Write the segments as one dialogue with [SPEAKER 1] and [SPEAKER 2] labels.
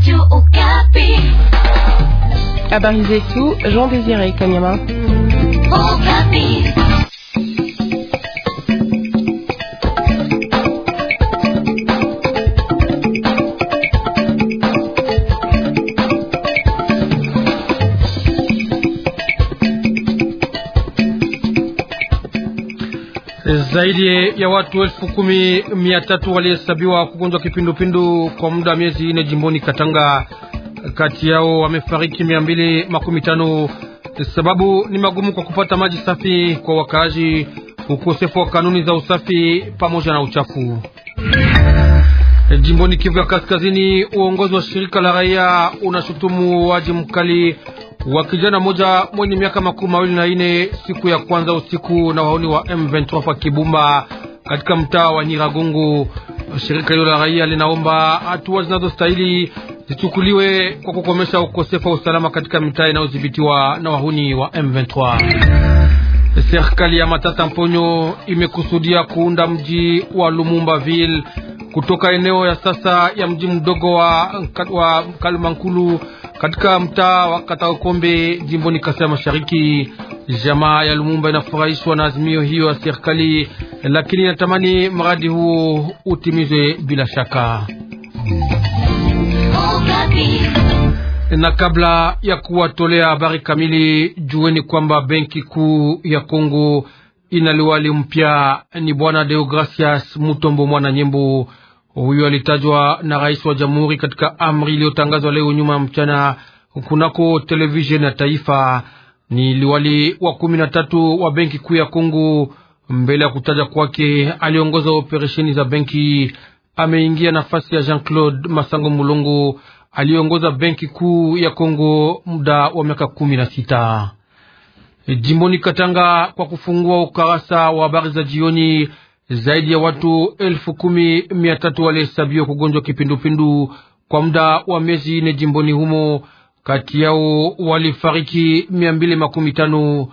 [SPEAKER 1] Radio Okapi. À Barizé Sous, Jean-Désiré Kanyama. Okapi.
[SPEAKER 2] Zaidi ya watu elfu kumi mia tatu walihesabiwa kugonjwa kipindupindu kwa muda wa miezi ine jimboni Katanga. Kati yao wamefariki mia mbili makumi tano. Sababu ni magumu kwa kupata maji safi kwa wakaaji, ukosefu wa kanuni za usafi pamoja na uchafu. Jimboni Kivu ya Kaskazini, uongozi wa shirika la raia unashutumu waji mkali wa kijana mmoja mwenye miaka makumi mawili na ine siku ya kwanza usiku na waoni wa M23 wa Kibumba katika mtaa wa Nyiragongo. Shirika hilo la raia linaomba hatua zinazostahili zichukuliwe kwa kukomesha ukosefu wa usalama katika mitaa inayodhibitiwa na wahuni wa M23. Serikali ya Matata Mponyo imekusudia kuunda mji wa Lumumba Ville kutoka eneo ya sasa ya mji mdogo wa, wa Kalumankulu katika mtaa wa Kataokombe jimboni Kasai Mashariki. Jamaa ya Lumumba inafurahishwa na azimio hiyo ya serikali, lakini inatamani mradi huo utimizwe bila shaka. Na kabla ya kuwatolea habari kamili, jueni kwamba benki kuu ya Kongo ina liwali mpya, ni Bwana Deogracias Mutombo Mwana Nyembo huyo alitajwa na rais wa jamhuri katika amri iliyotangazwa leo nyuma ya mchana kunako televisheni ya taifa. Ni liwali wa kumi na tatu wa benki kuu ya Kongo. Mbele ya kutaja kwake, aliongoza operesheni za benki. Ameingia nafasi ya Jean-Claude Masango Mulongo aliongoza benki kuu ya Kongo muda wa miaka kumi na sita. Jimboni Katanga, kwa kufungua ukarasa wa habari za jioni zaidi ya watu elfu kumi mia tatu walihesabiwa kugonjwa kipindupindu kwa muda wa miezi ine jimboni humo. Kati yao walifariki mia mbili makumi tano.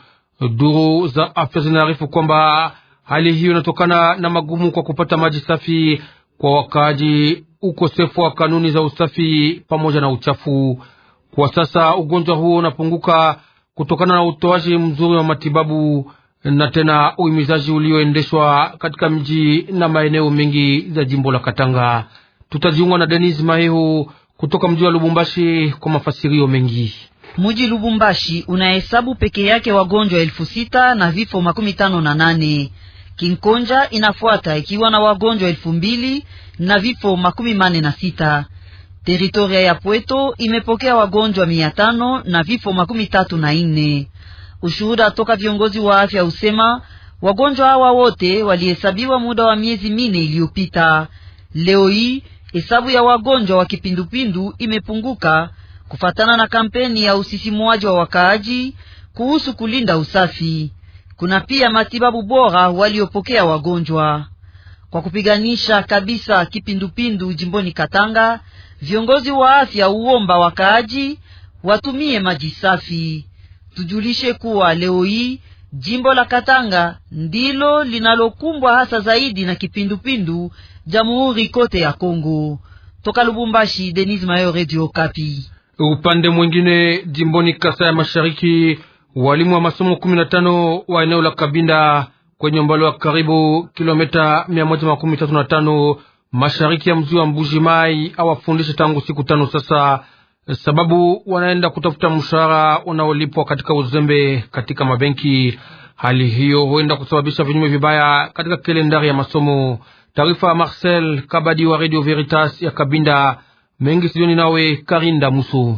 [SPEAKER 2] Duru za afya zinaarifu kwamba hali hiyo inatokana na magumu kwa kupata maji safi kwa wakaaji, ukosefu wa kanuni za usafi pamoja na uchafu. Kwa sasa ugonjwa huo unapunguka kutokana na utoaji mzuri wa matibabu na tena uhimizaji ulioendeshwa katika mji na maeneo mengi za jimbo la Katanga. Tutajiunga na Denis Mahehu kutoka mji wa Lubumbashi kwa mafasirio mengi.
[SPEAKER 3] Muji Lubumbashi unahesabu peke yake wagonjwa elfu sita na vifo makumi tano na nane. Kinkonja inafuata ikiwa na wagonjwa elfu mbili na vifo makumi mane na sita. Teritoria ya Pweto imepokea wagonjwa mia tano na vifo makumi tatu na nne. Ushuhuda toka viongozi wa afya husema wagonjwa hawa wote walihesabiwa muda wa miezi mine iliyopita. Leo hii hesabu ya wagonjwa wa kipindupindu imepunguka kufatana na kampeni ya usisimuaji wa wakaaji kuhusu kulinda usafi. Kuna pia matibabu bora waliopokea wagonjwa kwa kupiganisha kabisa kipindupindu jimboni Katanga. Viongozi wa afya uomba wakaaji watumie maji safi. Tujulishe kuwa leo hii jimbo la Katanga ndilo linalokumbwa hasa zaidi na kipindupindu jamhuri kote ya Kongo. Toka Lubumbashi, Denis Mayo, Radio Kapi.
[SPEAKER 2] Upande mwingine jimboni Kasa ya Mashariki, walimu wa masomo 15 wa eneo la Kabinda kwenye umbali wa karibu kilomita 135 mashariki ya mji wa Mbuji Mai awafundishe tangu siku tano sasa sababu wanaenda kutafuta mshahara unaolipwa katika uzembe katika mabenki. Hali hiyo huenda kusababisha vinyume vibaya katika kalendari ya masomo. Taarifa ya Marcel Kabadi wa Radio Veritas ya Kabinda mengi sioni nawe Karinda Musu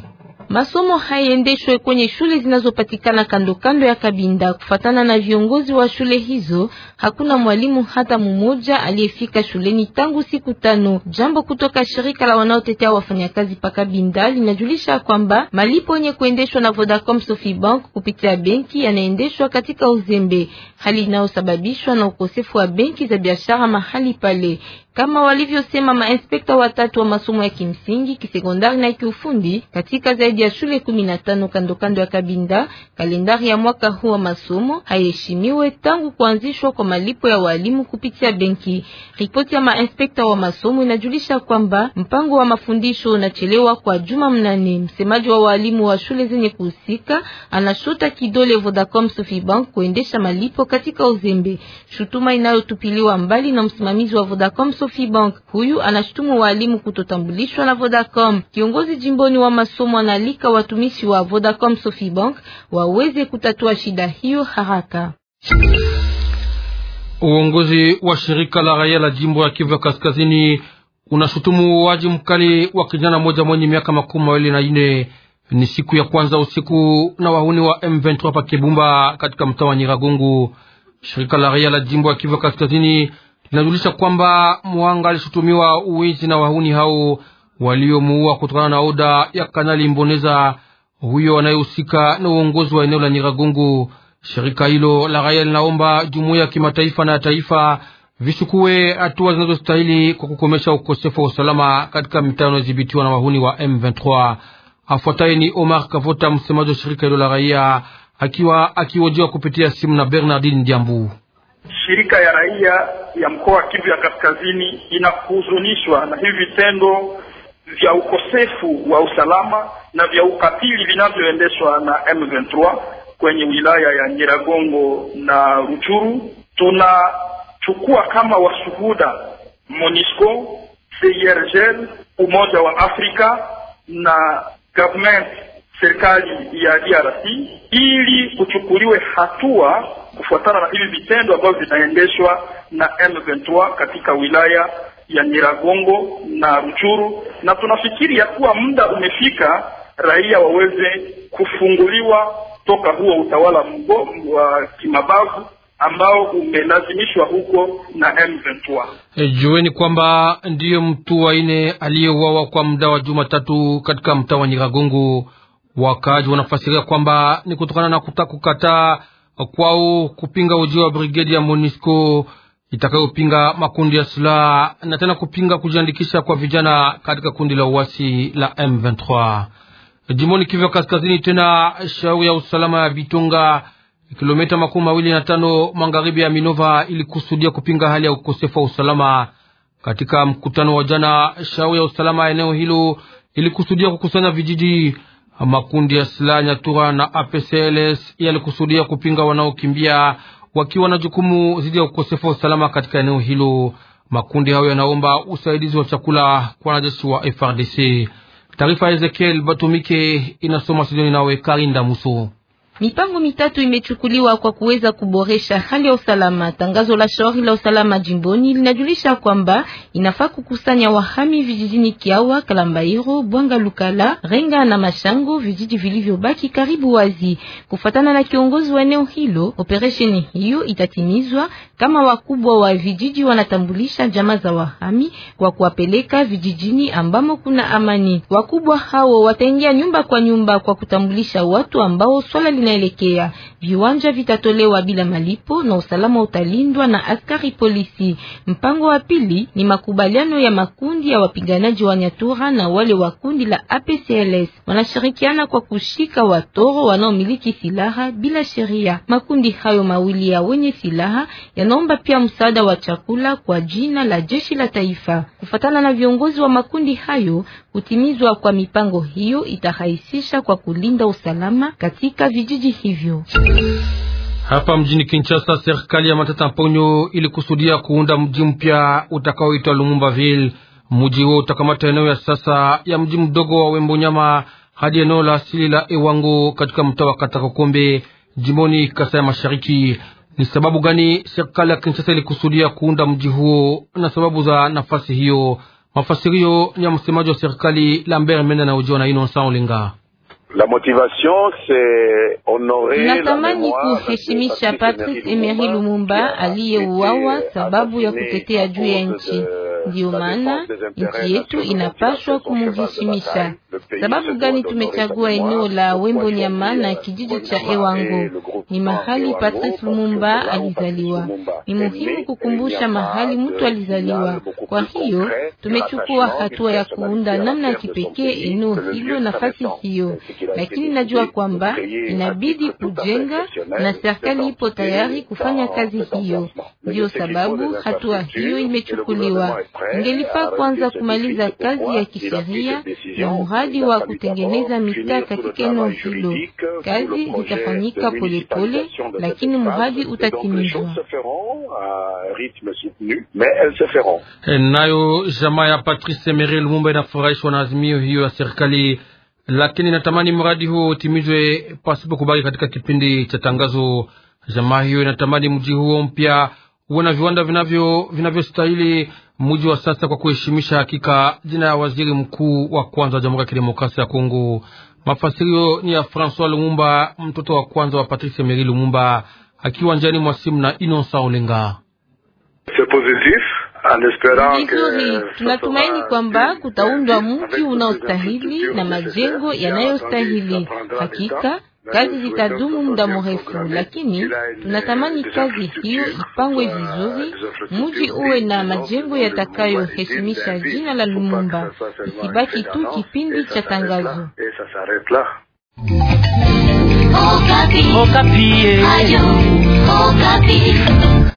[SPEAKER 1] masomo hayaendeshwe kwenye shule zinazopatikana kando kando ya Kabinda. Kufatana na viongozi wa shule hizo, hakuna mwalimu hata mmoja aliyefika shuleni tangu siku tano. Jambo kutoka shirika la wanaotetea wafanyakazi pa Kabinda linajulisha kwamba malipo yenye kuendeshwa na Vodacom Sofi Bank kupitia benki yanaendeshwa katika uzembe, hali inayosababishwa na ukosefu wa benki za biashara mahali pale kama walivyosema mainspekta watatu wa masomo ya kimsingi, kisekondari na kiufundi katika zaidi zaidi ya shule 15 kando kando ya Kabinda. Kalendari ya mwaka huu wa masomo haiheshimiwe tangu kuanzishwa kwa malipo ya walimu kupitia benki. Ripoti ya mainspekta wa masomo inajulisha kwamba mpango wa mafundisho unachelewa kwa juma mnane. Msemaji wa walimu wa shule zenye kuhusika anashota kidole Vodacom Sofibank kuendesha malipo katika uzembe, shutuma inayotupiliwa mbali na msimamizi wa Vodacom Sofibank. Huyu anashutumu walimu kutotambulishwa na Vodacom. Kiongozi jimboni wa masomo anali kualika watumishi wa Vodacom Bank waweze kutatua shida hiyo haraka.
[SPEAKER 2] Uongozi wa shirika la raia la jimbo ya Kivu ya Kaskazini unashutumu uuaji mkali wa kijana mmoja mwenye miaka makumi mawili na nne ni siku ya kwanza usiku na wahuni wa M23 pa Kibumba katika mtaa wa Nyiragongo. Shirika la raia la jimbo ya Kivu ya Kaskazini linajulisha kwamba Mwanga alishutumiwa uwizi na wahuni hao waliomuua kutokana na oda ya Kanali Mboneza, huyo anayehusika na uongozi wa eneo la Nyiragongo. Shirika hilo la raia linaomba jumuiya ya kimataifa na ya taifa vichukue hatua zinazostahili kwa kukomesha ukosefu wa usalama katika mitaa inayodhibitiwa na wahuni wa M23. Afuataye ni Omar Kavota, msemaji wa shirika hilo la raia, akiwa akiojiwa kupitia simu na bernardin Ndiambu. Shirika ya raia ya mkoa wa Kivu ya Kaskazini inahuzunishwa na hivi vitendo vya ukosefu wa usalama na vya ukatili vinavyoendeshwa na M23 kwenye wilaya ya Nyiragongo na Ruchuru. Tunachukua kama washuhuda MONUSCO, CIRGL, Umoja wa Afrika na government serikali ya DRC ili kuchukuliwe hatua kufuatana na hivi vitendo ambavyo vinaendeshwa na M23 katika wilaya ya Nyiragongo na Ruchuru, na tunafikiri ya kuwa muda umefika raia waweze kufunguliwa toka huo utawala mgo wa kimabavu ambao umelazimishwa huko na M23. Eh, jueni kwamba ndiyo mtu waine aliyeuawa kwa muda wa Jumatatu katika mtaa wa Nyiragongo. Wakaaji wanafasiria kwamba ni kutokana na kuta kukataa kwao kupinga ujio wa brigedi ya MONUSCO itakayopinga makundi ya silaha na tena kupinga kujiandikisha kwa vijana katika kundi la uasi la M23 jimboni Kivu Kaskazini. Tena shauri ya usalama ya Vitunga, kilomita makumi mawili na tano magharibi ya Minova, ilikusudia kupinga hali ya ukosefu wa usalama. Katika mkutano wa jana, shauri ya usalama ya eneo hilo ilikusudia kukusanya vijiji. Makundi ya silaha Nyatura na APCLS yalikusudia kupinga wanaokimbia wakiwa na jukumu dhidi ya ukosefu wa usalama katika eneo hilo. Makundi hayo yanaomba usaidizi wa chakula kwa wanajeshi wa FRDC. Taarifa ya Ezekiel Batumike inasoma studioni nawe Karinda Muso.
[SPEAKER 1] Mipango mitatu imechukuliwa kwa kuweza kuboresha hali ya usalama. Tangazo la shauri la usalama jimboni linajulisha kwamba inafaa kukusanya wahami vijijini Kiawa, Kalambairo, Bwanga, Lukala, Renga na Mashango, vijiji vilivyobaki karibu wazi. Kufatana na kiongozi wa eneo hilo, operesheni hiyo itatimizwa kama wakubwa wa vijiji wanatambulisha jamaa za wahami kwa kuwapeleka vijijini ambamo kuna amani. Wakubwa hao wataingia nyumba kwa nyumba kwa kutambulisha watu ambao swala inaelekea. Viwanja vitatolewa bila malipo na usalama utalindwa na askari polisi. Mpango wa pili ni makubaliano ya makundi ya wapiganaji wa Nyatura na wale wa kundi la APCLS wanashirikiana kwa kushika watoro wanaomiliki silaha bila sheria. Makundi hayo mawili ya wenye silaha yanaomba pia msaada wa chakula kwa jina la jeshi la taifa. Kufatana na viongozi wa makundi hayo, kutimizwa kwa mipango hiyo itarahisisha kwa kulinda usalama katika vijiji hivyo.
[SPEAKER 2] Hapa mjini Kinshasa, serikali ya Matata Mponyo ilikusudia kuunda mji mpya utakaoitwa Lumumbaville. Mji huo utakamata eneo ya sasa ya mji mdogo wa Wembonyama hadi eneo la asili la Ewango katika mtaa wa Katakokombe jimboni Kasai Mashariki. Ni sababu gani serikali ya Kinshasa ilikusudia kuunda mji huo na sababu za nafasi hiyo? Mafasirio ni ya msemaji wa serikali Lambert Mende na ujio na Inosa Olinga.
[SPEAKER 3] La motivation, c'est honorer la natamani kuheshimisha Patrice
[SPEAKER 1] Emery Lumumba aliyeuawa sababu ya kutetea juu ya nchi. Ndiyo maana nchi yetu inapaswa kumujishimisha. Sababu gani tumechagua eneo la Wembo Nyama na kijiji cha Ewango? Ni mahali Patrick Lumumba alizaliwa. Ni muhimu kukumbusha mahali mtu alizaliwa. Kwa hiyo tumechukua hatua ya kuunda namna ya kipekee eneo hilo, nafasi hiyo, lakini najua kwamba inabidi kujenga na serikali ipo tayari kufanya kazi hiyo. Ndiyo sababu hatua hiyo imechukuliwa. Ingelifaa kwanza kumaliza kazi ya kisheria na mradi wa kutengeneza mitaa katika eneo hilo. Kazi zitafanyika polepole, lakini mradi utatimizwa.
[SPEAKER 2] Eh, nayo jamaa ya Patrice Emery Lumumba inafurahishwa na azimio hiyo ya serikali, lakini natamani mradi huo utimizwe pasipo kubaki katika kipindi cha tangazo. Jamaa hiyo inatamani mji huo mpya uwe na viwanda vinavyostahili vinavyo mji wa sasa kwa kuheshimisha hakika jina ya waziri mkuu wa kwanza wa Jamhuri ya Kidemokrasia ya Kongo. Mafasirio ni ya Francois Lumumba, mtoto wa kwanza wa Patrice Emery Lumumba, akiwa njiani mwa simu na Inosa Olenga. Vizuri, tunatumaini kwamba
[SPEAKER 1] kutaundwa mji unaostahili na majengo yanayostahili. Hakika Kazi zitadumu muda mrefu, lakini tunatamani kazi hiyo ipangwe vizuri, muji uwe na majengo yatakayoheshimisha jina la Lumumba, isibaki tu kipindi cha tangazo. Okapi. Okapi. Eh.